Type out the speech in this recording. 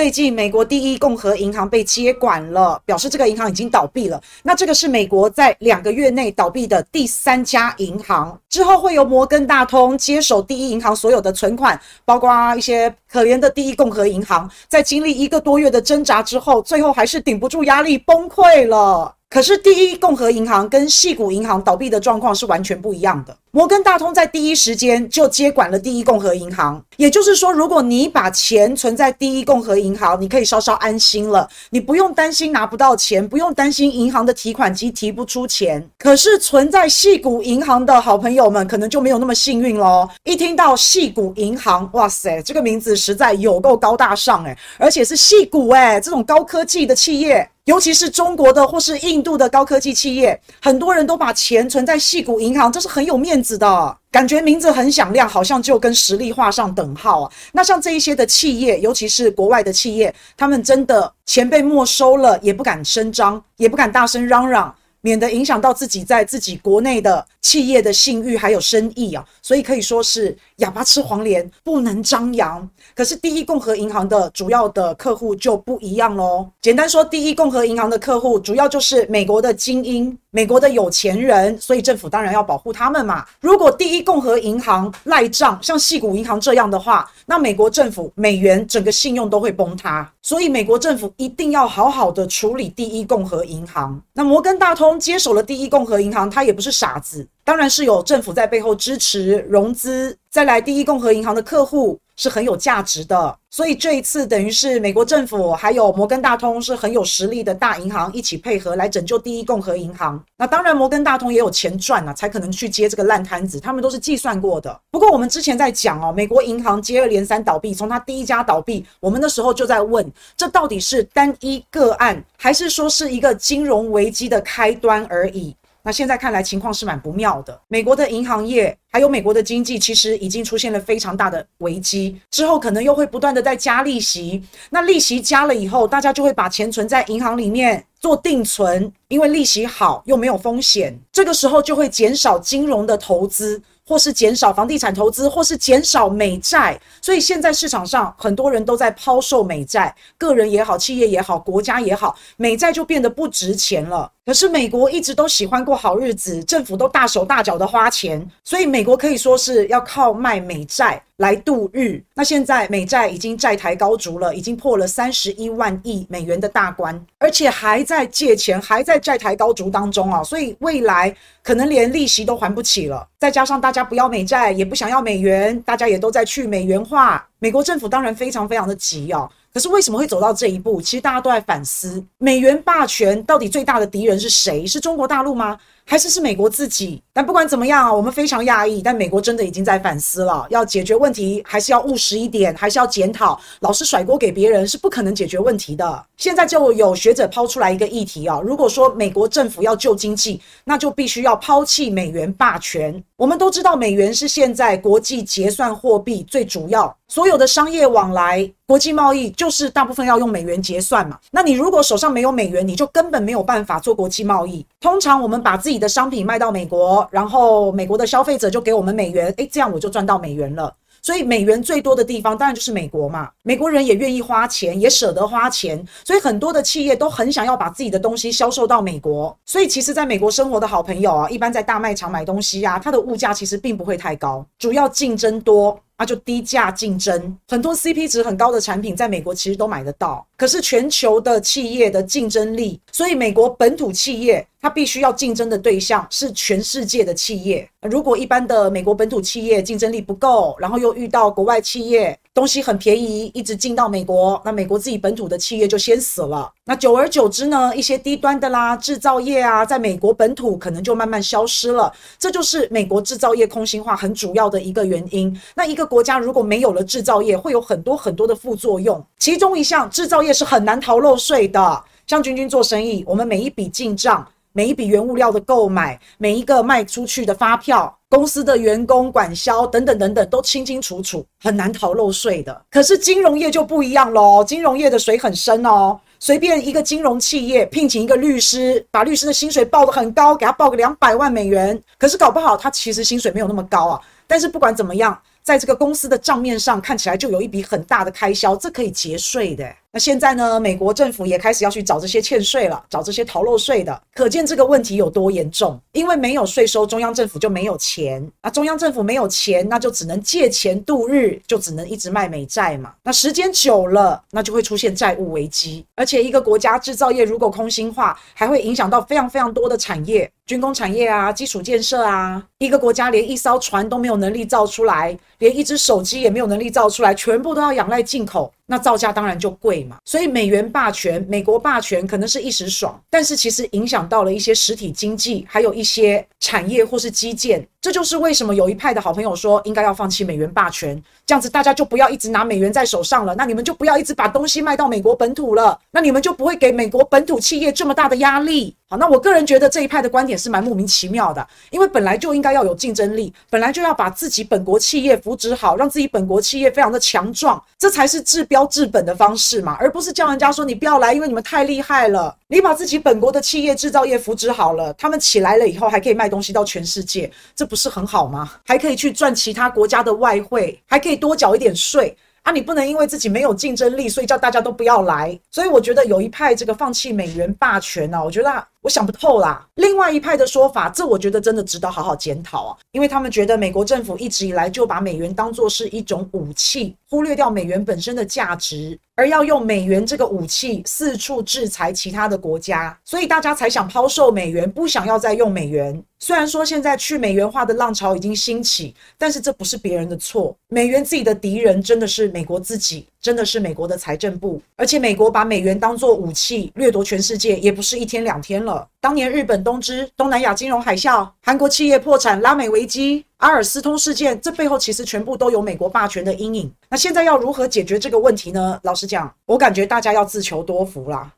最近，美國第一共和銀行被接管了，表示這個銀行已經倒閉了。那這個是美國在兩個月內倒閉的第三家銀行。之後會由摩根大通接手第一銀行所有的存款，包括一些可憐的第一共和銀行，在經歷一個多月的掙扎之後，最後還是頂不住壓力崩潰了。可是第一共和銀行跟矽谷銀行倒閉的狀況是完全不一樣的。摩根大通在第一時間就接管了第一共和銀行，也就是說，如果你把錢存在第一共和銀行，你可以稍稍安心了，你不用擔心拿不到錢，不用擔心銀行的提款機提不出錢。可是存在矽谷銀行的好朋友們可能就沒有那麼幸運嘍。一聽到矽谷銀行，哇塞，這個名字實在有夠高大上哎、欸，而且是矽谷哎，這種高科技的企業。尤其是中國的或是印度的高科技企業，很多人都把錢存在矽谷銀行，這是很有面子的感覺，名字很響亮，好像就跟實力畫上等號啊。那像這一些的企業，尤其是國外的企業，他們真的錢被沒收了，也不敢聲張，也不敢大聲嚷嚷。免得影響到自己在自己國內的企業的信譽還有生意啊，所以可以說是啞巴吃黃連，不能張揚。可是第一共和銀行的主要的客戶就不一樣嘍。簡單說，第一共和銀行的客戶主要就是美國的精英、美國的有錢人，所以政府當然要保護他們嘛。如果第一共和銀行賴賬，像矽谷銀行這樣的話，那美國政府、美元整個信用都會崩塌。所以，美國政府一定要好好的處理第一共和銀行。那摩根大通接手了第一共和銀行，他也不是傻子，當然是有政府在背後支持融資。再來，第一共和銀行的客戶。是很有價值的，所以這一次等於是美國政府還有摩根大通是很有實力的大銀行一起配合來拯救第一共和銀行。那當然，摩根大通也有錢賺啊，才可能去接這個爛攤子。他們都是計算過的。不過我們之前在講哦，美國銀行接二連三倒閉，從他第一家倒閉，我們那時候就在問，這到底是單一個案，還是說是一個金融危機的開端而已？那現在看來情況是蠻不妙的，美國的銀行業還有美國的經濟其實已經出現了非常大的危機，之後可能又會不斷的再加利息，那利息加了以後，大家就會把錢存在銀行裡面做定存，因為利息好又沒有風險，這個時候就會減少金融的投資。或是減少房地產投資，或是減少美債，所以現在市場上很多人都在拋售美債，個人也好，企業也好，國家也好，美債就變得不值錢了。可是美國一直都喜歡過好日子，政府都大手大腳的花錢，所以美國可以說是要靠賣美債。來度日。那現在美債已經債台高築了，已經破了三十一萬億美元的大關，而且還在借錢，還在債台高築當中啊！所以未來可能連利息都還不起了。再加上大家不要美債，也不想要美元，大家也都在去美元化。美國政府當然非常非常的急哦、啊。可是為什麼會走到這一步？其實大家都在反思，美元霸權到底最大的敵人是誰？是中國大陸嗎？還是是美國自己？但不管怎麼樣啊，我們非常訝異。但美國真的已經在反思了，要解決問題，還是要務實一點，還是要檢討，老是甩鍋給別人，是不可能解決問題的。現在就有學者拋出來一個議題啊，如果說美國政府要救經濟，那就必須要拋棄美元霸權。我們都知道，美元是現在國際結算貨幣最主要，所有的商業往來、國際貿易就是大部分要用美元結算嘛。那你如果手上沒有美元，你就根本沒有辦法做國際貿易。通常我們把自己的商品賣到美國，然後美國的消費者就給我們美元，誒，這樣我就賺到美元了。所以美元最多的地方當然就是美國嘛，美國人也願意花錢，也捨得花錢，所以很多的企業都很想要把自己的東西銷售到美國。所以其實，在美國生活的好朋友啊，一般在大賣場買東西呀，它的物價其實並不會太高，主要競爭多。那、啊、就低價競爭，很多 CP 值很高的產品在美國其實都買得到。可是全球的企業的競爭力，所以美國本土企業它必須要競爭的對象是全世界的企業。如果一般的美國本土企業競爭力不夠，然後又遇到國外企業。東西很便宜，一直進到美國，那美國自己本土的企業就先死了。那久而久之呢，一些低端的啦，製造業啊，在美國本土可能就慢慢消失了。這就是美國製造業空心化很主要的一個原因。那一個國家如果沒有了製造業，會有很多很多的副作用。其中一項，製造業是很難逃漏稅的。像軍軍做生意，我們每一筆進賬。每一筆原物料的購買，每一個賣出去的發票，公司的員工管銷等等等等，都清清楚楚，很難逃漏稅的。可是金融業就不一樣嘍，金融業的水很深哦。隨便一個金融企業聘請一個律師，把律師的薪水報得很高，給他報個兩百萬美元。可是搞不好他其實薪水沒有那麼高啊。但是不管怎麼樣，在這個公司的賬面上看起來就有一筆很大的開銷，這可以節稅的欸。那現在呢，美國政府也開始要去找這些欠稅了，找這些逃漏稅的，可見這個問題有多嚴重。因為沒有稅收，中央政府就沒有錢。那中央政府沒有錢，那就只能借錢度日，就只能一直賣美債嘛。那時間久了，那就會出現債務危機。而且，一個國家製造業如果空心化，還會影響到非常非常多的產業，軍工產業啊，基礎建設啊。一個國家連一艘船都沒有能力造出來，連一支手機也沒有能力造出來，全部都要仰賴進口。那造價當然就貴嘛，所以美元霸權、美國霸權可能是一時爽，但是其實影響到了一些實體經濟，還有一些產業或是基建。這就是為什麼有一派的好朋友說，應該要放棄美元霸權，這樣子大家就不要一直拿美元在手上了。那你們就不要一直把東西賣到美國本土了。那你們就不會給美國本土企業這麼大的壓力。好，那我個人覺得這一派的觀點是蠻莫名其妙的，因為本來就應該要有競爭力，本來就要把自己本國企業扶植好，讓自己本國企業非常的強壯，這才是治標治本的方式嘛，而不是叫人家說你不要來，因為你們太厲害了。你把自己本國的企業、製造業扶植好了，他們起來了以後還可以賣東西到全世界。這不是很好嗎？還可以去賺其他國家的外匯，還可以多繳一點稅啊！你不能因為自己沒有競爭力，所以叫大家都不要來。所以我覺得有一派這個放棄美元霸權啊，我覺得啊。我想不透啦。另外一派的說法，這我覺得真的值得好好檢討啊，因為他們覺得美國政府一直以來就把美元當作是一種武器，忽略掉美元本身的價值，而要用美元這個武器四處制裁其他的國家，所以大家才想拋售美元，不想要再用美元。雖然說現在去美元化的浪潮已經興起，但是這不是別人的錯，美元自己的敵人真的是美國自己，真的是美國的財政部，而且美國把美元當作武器，掠奪全世界也不是一天兩天了。當年日本東芝、東南亞金融海嘯、韓國企業破產、拉美危機、阿爾斯通事件，這背後其實全部都有美國霸權的陰影。那現在要如何解決這個問題呢？老實講，我感覺大家要自求多福啦。